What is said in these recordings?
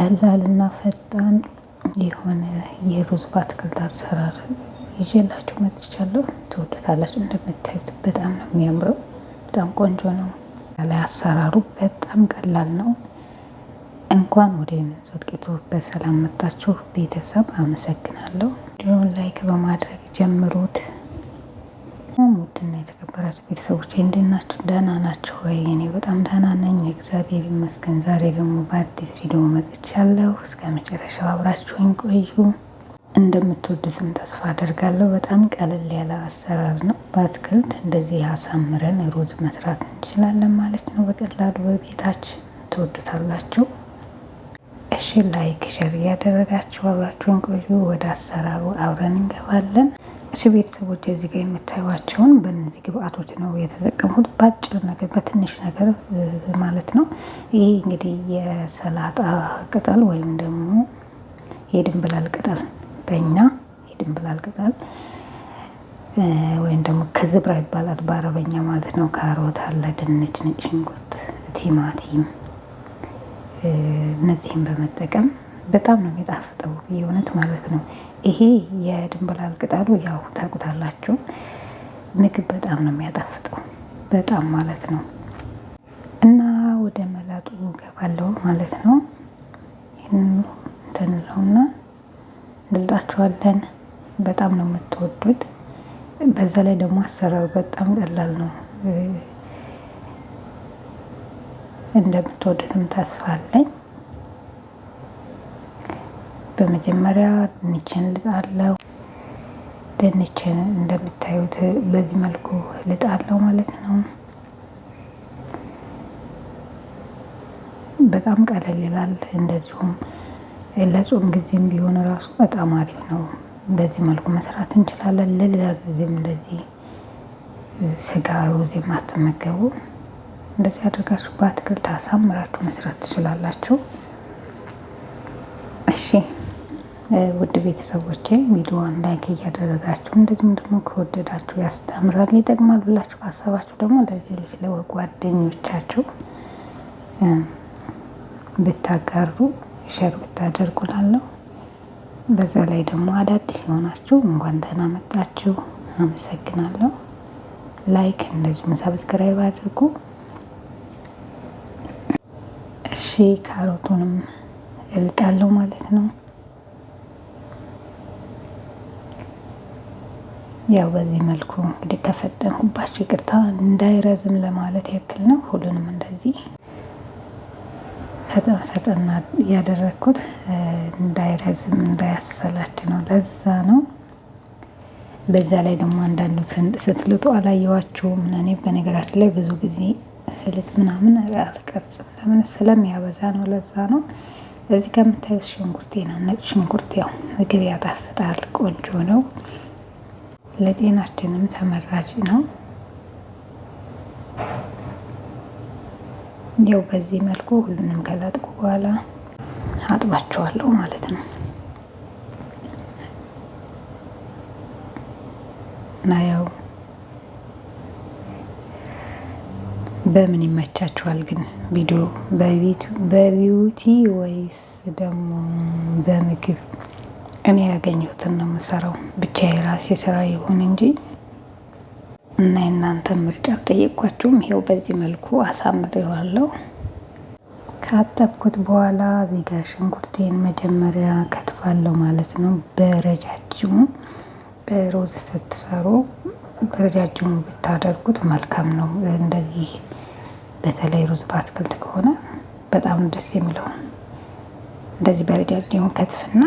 ቀላል እና ፈጣን የሆነ የሩዝ በአትክልት አሰራር ይዤላችሁ መጥቻለሁ። ትወዱታላችሁ። እንደምታዩት በጣም ነው የሚያምረው። በጣም ቆንጆ ነው። ላይ አሰራሩ በጣም ቀላል ነው። እንኳን ወደ ዞድቂቱ በሰላም መጣችሁ ቤተሰብ። አመሰግናለሁ። ላይክ በማድረግ ጀምሩት። ሰላም ውድና የተከበራችሁ ቤተሰቦች እንዴት ናችሁ? ደህና ናችሁ ወይ? እኔ በጣም ደህና ነኝ፣ እግዚአብሔር ይመስገን። ዛሬ ደግሞ በአዲስ ቪዲዮ መጥቻለሁ። እስከ መጨረሻው አብራችሁኝ ቆዩ። እንደምትወዱትም ተስፋ አደርጋለሁ። በጣም ቀለል ያለ አሰራር ነው። በአትክልት እንደዚህ አሳምረን ሩዝ መስራት እንችላለን ማለት ነው። በቀላሉ በቤታችን ትወዱታላችሁ። እሺ ላይክ ሸር እያደረጋችሁ አብራችሁን ቆዩ። ወደ አሰራሩ አብረን እንገባለን። እሺ ቤተሰቦች እዚህ ጋር የምታዩቸውን በእነዚህ ግብአቶች ነው የተጠቀምኩት። በአጭር ነገር በትንሽ ነገር ማለት ነው። ይህ እንግዲህ የሰላጣ ቅጠል ወይም ደግሞ የድንብላል ቅጠል በእኛ የድንብላል ቅጠል ወይም ደግሞ ከዝብራ ይባላል በአረበኛ ማለት ነው። ካሮት አለ፣ ድንች፣ ነጭ ሽንኩርት፣ ቲማቲም እነዚህም በመጠቀም በጣም ነው የሚጣፍጠው የእውነት ማለት ነው። ይሄ የድንብላል ቅጠሉ ያው ታውቁታላችሁ። ምግብ በጣም ነው የሚያጣፍጠው በጣም ማለት ነው። እና ወደ መላጡ ገባለው ማለት ነው። ይህንን እንትንለውና እንልጣችኋለን። በጣም ነው የምትወዱት። በዛ ላይ ደግሞ አሰራሩ በጣም ቀላል ነው። እንደምትወዱትም ተስፋ አለኝ። በመጀመሪያ ድንችን ልጣለው። ድንችን እንደምታዩት በዚህ መልኩ ልጣለው ማለት ነው። በጣም ቀለል ይላል። እንደዚሁም ለጾም ጊዜም ቢሆን እራሱ በጣም አሪፍ ነው። በዚህ መልኩ መስራት እንችላለን። ለሌላ ጊዜም እንደዚህ ስጋ ሩዝ የማትመገቡ እንደዚህ አድርጋችሁ በአትክልት አሳምራችሁ መስራት ትችላላችሁ። እሺ ውድ ቤተሰቦቼ ቪዲዮን ላይክ እያደረጋችሁ እንደዚሁም ደግሞ ከወደዳችሁ ያስተምራል፣ ይጠቅማል ብላችሁ ካሰባችሁ ደግሞ ለሌሎች ለጓደኞቻችሁ ብታጋሩ ሸር ብታደርጉ ላለሁ። በዛ ላይ ደግሞ አዳዲስ የሆናችሁ እንኳን ደህና መጣችሁ፣ አመሰግናለሁ። ላይክ እንደዚሁም ሰብስክራይብ አድርጉ። እሺ ካሮቱንም እልጣለሁ ማለት ነው። ያው በዚህ መልኩ እንግዲህ ከፈጠንኩባቸው ይቅርታ እንዳይረዝም ለማለት ያክል ነው። ሁሉንም እንደዚህ ፈጠን ፈጠን ያደረግኩት እንዳይረዝም እንዳያሰላች ነው። ለዛ ነው። በዛ ላይ ደግሞ አንዳንዱ ስትልጡ አላየዋችሁም። እኔ በነገራችን ላይ ብዙ ጊዜ ስልጥ ምናምን አልቀርጽም። ለምን ስለሚያበዛ ነው። ለዛ ነው። እዚህ ከምታዩት ነው፣ ነጭ ሽንኩርት ያው ምግብ ያጣፍጣል። ቆንጆ ነው። ለጤናችንም ተመራጭ ነው። ያው በዚህ መልኩ ሁሉንም ከላጥቁ በኋላ አጥባቸዋለሁ ማለት ነው እና ያው በምን ይመቻችኋል ግን ቪዲዮ በቢዩቲ ወይስ ደግሞ በምግብ እኔ ያገኘሁትን ነው የምሰራው። ብቻ የራሴ ስራ ይሁን እንጂ እና የእናንተን ምርጫ ጠየቅኳችሁም። ይሄው በዚህ መልኩ አሳምሬዋለሁ። ካጠብኩት በኋላ ዜጋ ሽንኩርቴን መጀመሪያ ከትፋለሁ ማለት ነው። በረጃጅሙ ሮዝ ስትሰሩ በረጃጅሙ ብታደርጉት መልካም ነው። እንደዚህ በተለይ ሩዝ በአትክልት ከሆነ በጣም ደስ የሚለው እንደዚህ በረጃጅሙ ከትፍና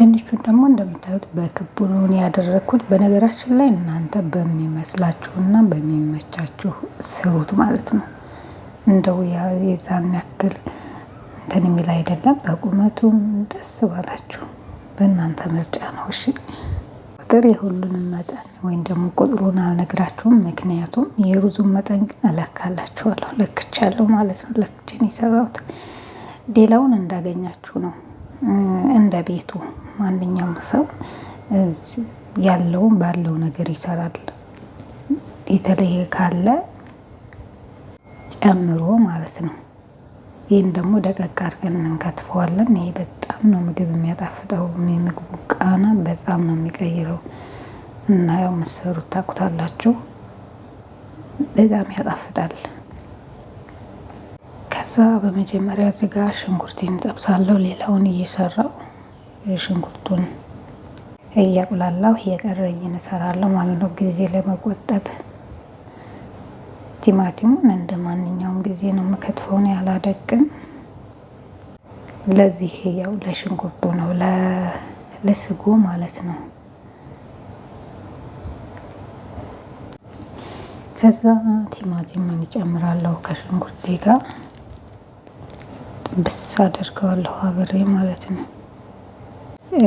ድንቹን ደግሞ እንደምታዩት በክቡ ነው ያደረግኩት። በነገራችን ላይ እናንተ በሚመስላችሁና በሚመቻችሁ ስሩት ማለት ነው። እንደው የዛን ያክል እንትን የሚል አይደለም። በቁመቱም ደስ ባላችሁ በእናንተ ምርጫ ነው። እሺ ቁጥር የሁሉንም መጠን ወይም ደግሞ ቁጥሩን አልነግራችሁም። ምክንያቱም የሩዙን መጠን ግን እለካላችኋለሁ። ለክቻለሁ ማለት ነው። ለክችን የሰራሁት ሌላውን እንዳገኛችሁ ነው እንደ ቤቱ ማንኛውም ሰው ያለውን ባለው ነገር ይሰራል። የተለየ ካለ ጨምሮ ማለት ነው። ይህን ደግሞ ደቀቅ አድርገን እንከትፈዋለን። ይሄ በጣም ነው ምግብ የሚያጣፍጠው። የምግቡ ቃና በጣም ነው የሚቀይረው እና ያው መሰሩት ታቁታላችሁ። በጣም ያጣፍጣል። ከዛ በመጀመሪያ እዚህ ጋ ሽንኩርቴን ሌላውን እየሰራው ሽንኩርቱን እያቁላላሁ የቀረኝን እሰራለሁ ማለት ነው፣ ጊዜ ለመቆጠብ። ቲማቲሙን እንደ ማንኛውም ጊዜ ነው የምከትፈውን ያላደቅም። ለዚህ ያው ለሽንኩርቱ ነው ለስጎ ማለት ነው። ከዛ ቲማቲሙን እጨምራለሁ ከሽንኩርቴ ጋር ብስ አደርገዋለሁ አብሬ ማለት ነው።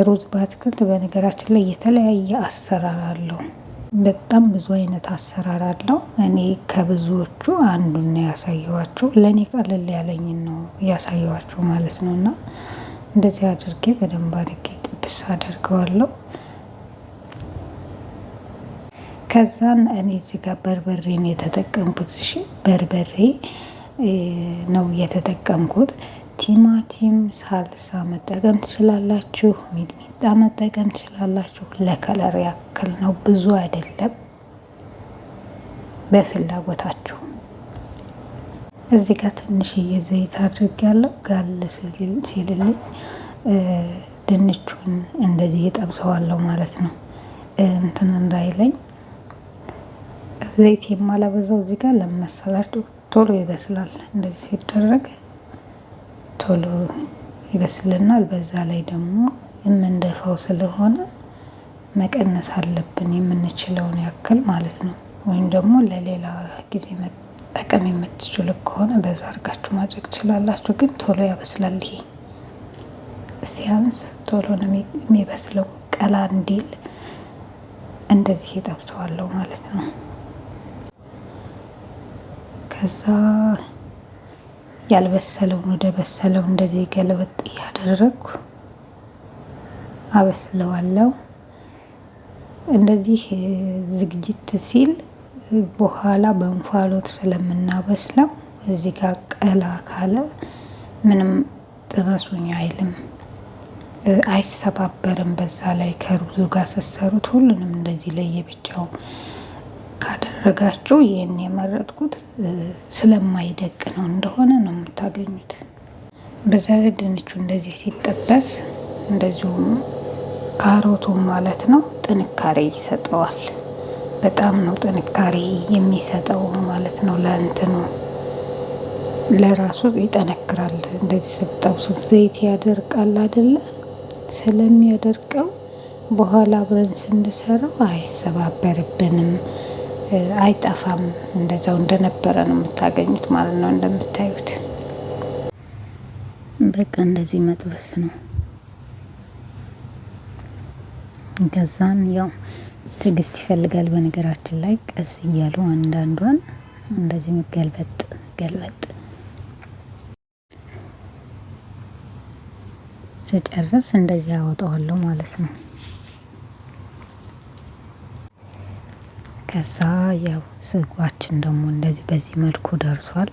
ሩዝ በአትክልት በነገራችን ላይ የተለያየ አሰራር አለው። በጣም ብዙ አይነት አሰራር አለው። እኔ ከብዙዎቹ አንዱን ነው ያሳየኋቸው። ለእኔ ቀለል ያለኝን ነው ያሳየኋቸው ማለት ነው። እና እንደዚህ አድርጌ በደንብ አድርጌ ጥብስ አደርገዋለሁ። ከዛን እኔ እዚህ ጋር በርበሬን የተጠቀምኩት። እሺ በርበሬ ነው የተጠቀምኩት። ቲማቲም ሳልሳ መጠቀም ትችላላችሁ። ሚጥሚጣ መጠቀም ትችላላችሁ። ለከለር ያክል ነው፣ ብዙ አይደለም። በፍላጎታችሁ እዚህ ጋር ትንሽዬ ዘይት ያለው ጋል ሲልልኝ ድንቹን እንደዚህ እጠብሰዋለሁ ማለት ነው። እንትን እንዳይለኝ ዘይት የማላበዛው እዚህ ጋር ለመሰላችሁ ቶሎ ይበስላል። እንደዚህ ሲደረግ ቶሎ ይበስልናል። በዛ ላይ ደግሞ የምንደፋው ስለሆነ መቀነስ አለብን የምንችለውን ያክል ማለት ነው። ወይም ደግሞ ለሌላ ጊዜ መጠቀም የምትችሉ ከሆነ በዛ አድርጋችሁ ማድረግ ትችላላችሁ። ግን ቶሎ ያበስላል። ይሄ ሲያንስ ቶሎ ነው የሚበስለው። ቀላ እንዲል እንደዚህ የጠብሰዋለው ማለት ነው። ከዛ ያልበሰለውን ወደ በሰለው እንደዚህ ገለበጥ እያደረግኩ አበስለዋለሁ። እንደዚህ ዝግጅት ሲል በኋላ በእንፋሎት ስለምናበስለው እዚህ ጋር ቀላ ካለ ምንም ጥበሱኝ አይልም፣ አይሰባበርም። በዛ ላይ ከሩዙ ጋር ስትሰሩት ሁሉንም እንደዚህ ለየብቻው ካደረጋችሁ ይህን የመረጥኩት ስለማይደቅ ነው እንደሆነ ነው የምታገኙት። በዛ ላይ ድንቹ እንደዚህ ሲጠበስ እንደዚሁም ካሮቱ ማለት ነው ጥንካሬ ይሰጠዋል። በጣም ነው ጥንካሬ የሚሰጠው ማለት ነው። ለእንትኑ ለራሱ ይጠነክራል። እንደዚህ ስትጠብሱት ዘይት ያደርቃል አይደለ? ስለሚያደርቀው በኋላ አብረን ስንሰራው አይሰባበርብንም። አይጠፋም። እንደዛው እንደነበረ ነው የምታገኙት ማለት ነው። እንደምታዩት በቃ እንደዚህ መጥበስ ነው። ከዛም ያው ትዕግስት ይፈልጋል። በነገራችን ላይ ቀስ እያሉ አንዳንዷን እንደዚህ ገልበጥ ገልበጥ ስጨርስ እንደዚህ አወጣዋለሁ ማለት ነው። ከዛ ያው ስጓችን ደግሞ እንደዚህ በዚህ መልኩ ደርሷል።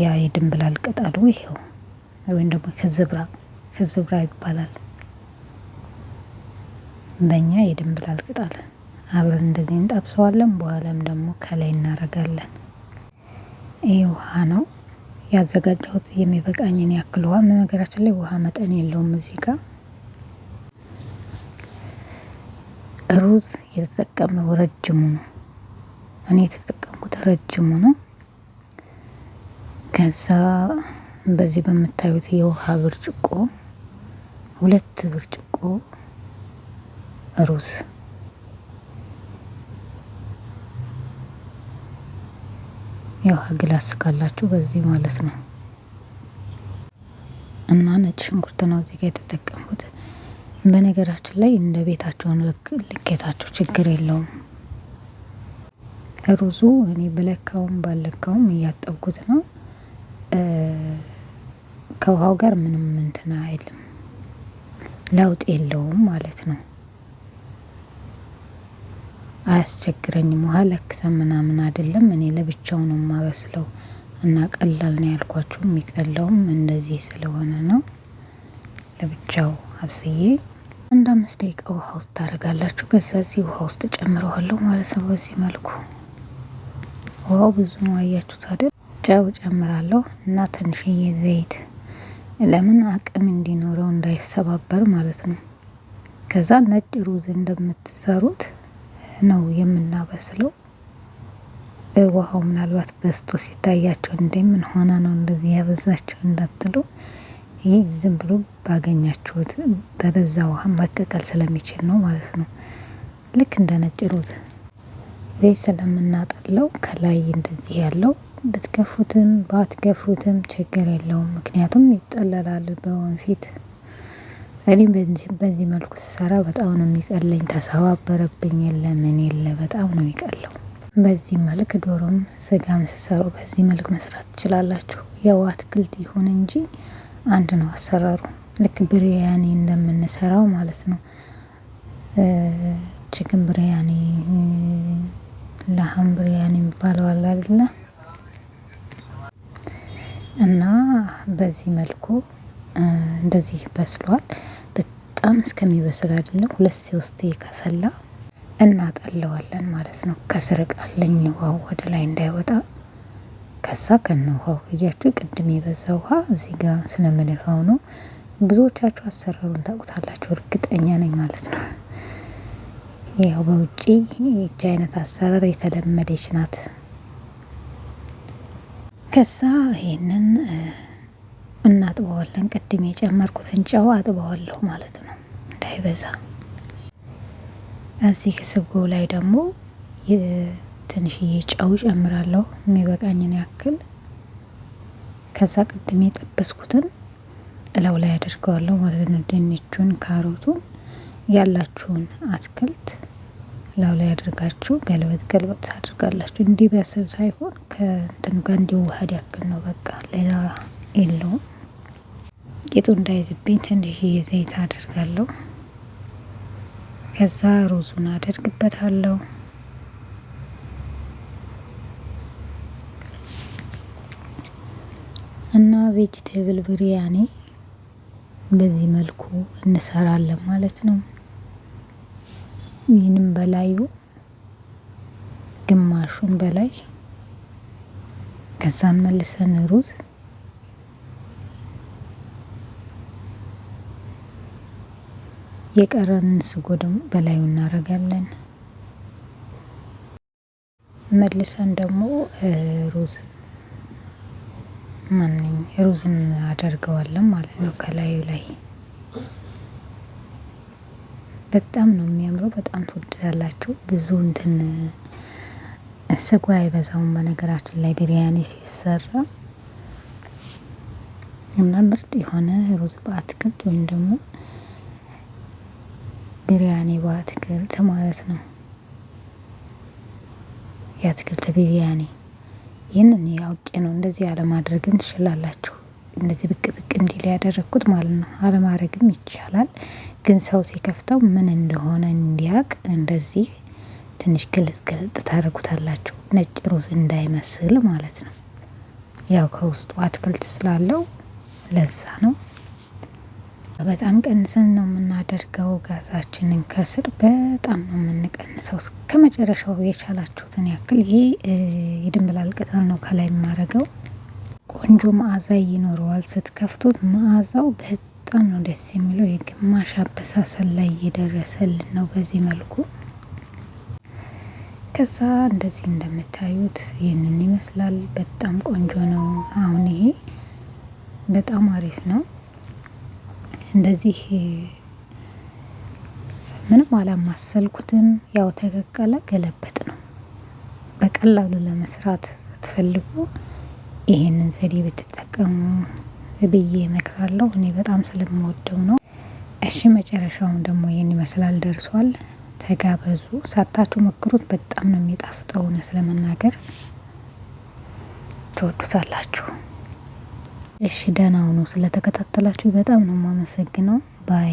ያ የድንብላል ቅጠሉ ይሄው ወይም ደግሞ ከዝብራ ከዝብራ ይባላል በእኛ የድንብላል ቅጠል አብረን እንደዚህ እንጠብሰዋለን። በኋላም ደግሞ ከላይ እናረጋለን። ይህ ውሃ ነው ያዘጋጀሁት የሚበቃኝን ያክል ውሃ። በነገራችን ላይ ውሃ መጠን የለውም እዚህ ጋር ሩዝ የተጠቀምነው ረጅሙ ነው። እኔ የተጠቀምኩት ረጅሙ ነው። ከዛ በዚህ በምታዩት የውሃ ብርጭቆ ሁለት ብርጭቆ ሩዝ የውሃ ግላስ ካላችሁ በዚህ ማለት ነው እና ነጭ ሽንኩርት ነው እዚህ የተጠቀምኩት። በነገራችን ላይ እንደ ቤታቸውን ልኬታቸው ችግር የለውም። ሩዙ እኔ ብለካውም ባለካውም እያጠብኩት ነው። ከውሃው ጋር ምንም እንትን አይልም፣ ለውጥ የለውም ማለት ነው። አያስቸግረኝም። ውሃ ለክተ ምናምን አይደለም። እኔ ለብቻው ነው የማበስለው እና ቀላል ነው ያልኳችሁ። የሚቀለውም እንደዚህ ስለሆነ ነው ለብቻው አብስዬ አንድ አምስት ደቂቃ ውሃ ውስጥ ታደርጋላችሁ። ከዛ እዚህ ውሃ ውስጥ ጨምረዋለሁ ማለት ነው። በዚህ መልኩ ውሃው ብዙ አያችሁት አይደል? ጨው ጨምራለሁ እና ትንሽዬ ዘይት ለምን አቅም እንዲኖረው እንዳይሰባበር ማለት ነው። ከዛ ነጭ ሩዝ እንደምትሰሩት ነው የምናበስለው። ውሃው ምናልባት በስቶ ሲታያቸው እንደምን ሆነ ነው እንደዚህ ያበዛቸው እንዳትሉ፣ ይህ ዝም ብሎ ባገኛችሁት በበዛ ውሃ መቀቀል ስለሚችል ነው ማለት ነው። ልክ እንደ ነጭ ሩዝ ወይ ስለምናጠለው ከላይ እንደዚህ ያለው ብትገፉትም ባትገፉትም ችግር የለውም። ምክንያቱም ይጠለላል በወንፊት። እኔ በዚህ መልኩ ስሰራ በጣም ነው የሚቀለኝ። ተሰባበረብኝ የለ ምን የለ በጣም ነው የሚቀለው። በዚህ መልክ ዶሮም ስጋም ስሰሩ በዚህ መልክ መስራት ትችላላችሁ። ያው አትክልት ይሁን እንጂ አንድ ነው አሰራሩ። ልክ ብሪያኒ እንደምንሰራው ማለት ነው። ችክን ብሪያኒ፣ ላሀም ብሪያኒ የሚባለው አለ አይደለ? እና በዚህ መልኩ እንደዚህ በስሏል። በጣም እስከሚበስል አይደለም፣ ሁለት ውስጥ ከፈላ እናጠለዋለን ማለት ነው። ከስር ቃለኝ ውሃው ወደ ላይ እንዳይወጣ ከሳ ከነ ውሃው እያችሁ ቅድም የበዛ ውሃ እዚህ ጋር ስለምንፋው ነው። ብዙዎቻችሁ አሰራሩን ታውቁታላችሁ እርግጠኛ ነኝ ማለት ነው። ያው በውጪ ይች አይነት አሰራር የተለመደች ናት። ከዛ ይሄንን እናጥበዋለን። ቅድም የጨመርኩትን ጨው አጥበዋለሁ ማለት ነው እንዳይበዛ። እዚህ ስጎ ላይ ደግሞ ትንሽዬ ጨው ጨምራለሁ የሚበቃኝን ያክል። ከዛ ቅድም የጠበስኩትን እለው ላይ አድርገዋለሁ ማለት ነው። ድንቹን፣ ካሮቱን ያላችሁን አትክልት ላው ላይ አድርጋችሁ ገልበት ገልበት አድርጋላችሁ በስል ሳይሆን ከእንትኑ ጋር እንዲዋሃድ ያክል ነው። በቃ ሌላ የለውም። ቂጡ እንዳይዝብኝ ትንሽ ዘይት አድርጋለሁ ከዛ ሩዙን አደርግበታለሁ። እና ቬጅቴብል ብሪያኔ በዚህ መልኩ እንሰራለን ማለት ነው። ይህንም በላዩ ግማሹን በላይ ከዛን መልሰን ሩዝ የቀረንን ስጎ ደግሞ በላዩ እናደርጋለን። መልሰን ደግሞ ሩዝ ማንኝ ሩዝ እናደርገዋለን ማለት ነው ከላዩ ላይ በጣም ነው የሚያምረው። በጣም ትወዳላችሁ። ብዙ እንትን ስጋ አይበዛውም በነገራችን ላይ ቢሪያኒ ሲሰራ እና ምርጥ የሆነ ሩዝ በአትክልት ወይም ደግሞ ቢሪያኒ በአትክልት ማለት ነው የአትክልት ቢሪያኒ ይህንን ያውቄ ነው እንደዚህ አለማድረግም ትችላላችሁ። እንደዚህ ብቅ ብቅ እንዲል ያደረግኩት ማለት ነው። አለማድረግም ይቻላል፣ ግን ሰው ሲከፍተው ምን እንደሆነ እንዲያውቅ እንደዚህ ትንሽ ግልጥ ግልጥ ታደርጉታላችሁ። ነጭ ሩዝ እንዳይመስል ማለት ነው። ያው ከውስጡ አትክልት ስላለው ለዛ ነው። በጣም ቀንሰን ነው የምናደርገው። ጋዛችንን ከስር በጣም ነው የምንቀንሰው እስከ መጨረሻው የቻላችሁትን ያክል። ይሄ የድንብላል ቅጠል ነው ከላይ የማረገው። ቆንጆ መዓዛ ይኖረዋል። ስትከፍቱት መዓዛው በጣም ነው ደስ የሚለው። የግማሽ አበሳሰል ላይ እየደረሰልን ነው በዚህ መልኩ። ከዛ እንደዚህ እንደምታዩት ይህንን ይመስላል። በጣም ቆንጆ ነው። አሁን ይሄ በጣም አሪፍ ነው። እንደዚህ ምንም አላማሰልኩትም። ያው ተቀቀለ፣ ገለበጥ ነው። በቀላሉ ለመስራት ስትፈልጉ ይሄንን ዘዴ ብትጠቀሙ ብዬ እመክራለሁ። እኔ በጣም ስለምወደው ነው። እሺ መጨረሻውም ደግሞ ይህን ይመስላል። ደርሷል። ተጋበዙ። ሰርታችሁ ሞክሩት። በጣም ነው የሚጣፍጠው። እውነት ለመናገር ትወዱታላችሁ። እሺ ደህና ሁኑ። ስለተከታተላችሁ በጣም ነው የማመሰግነው። ባይ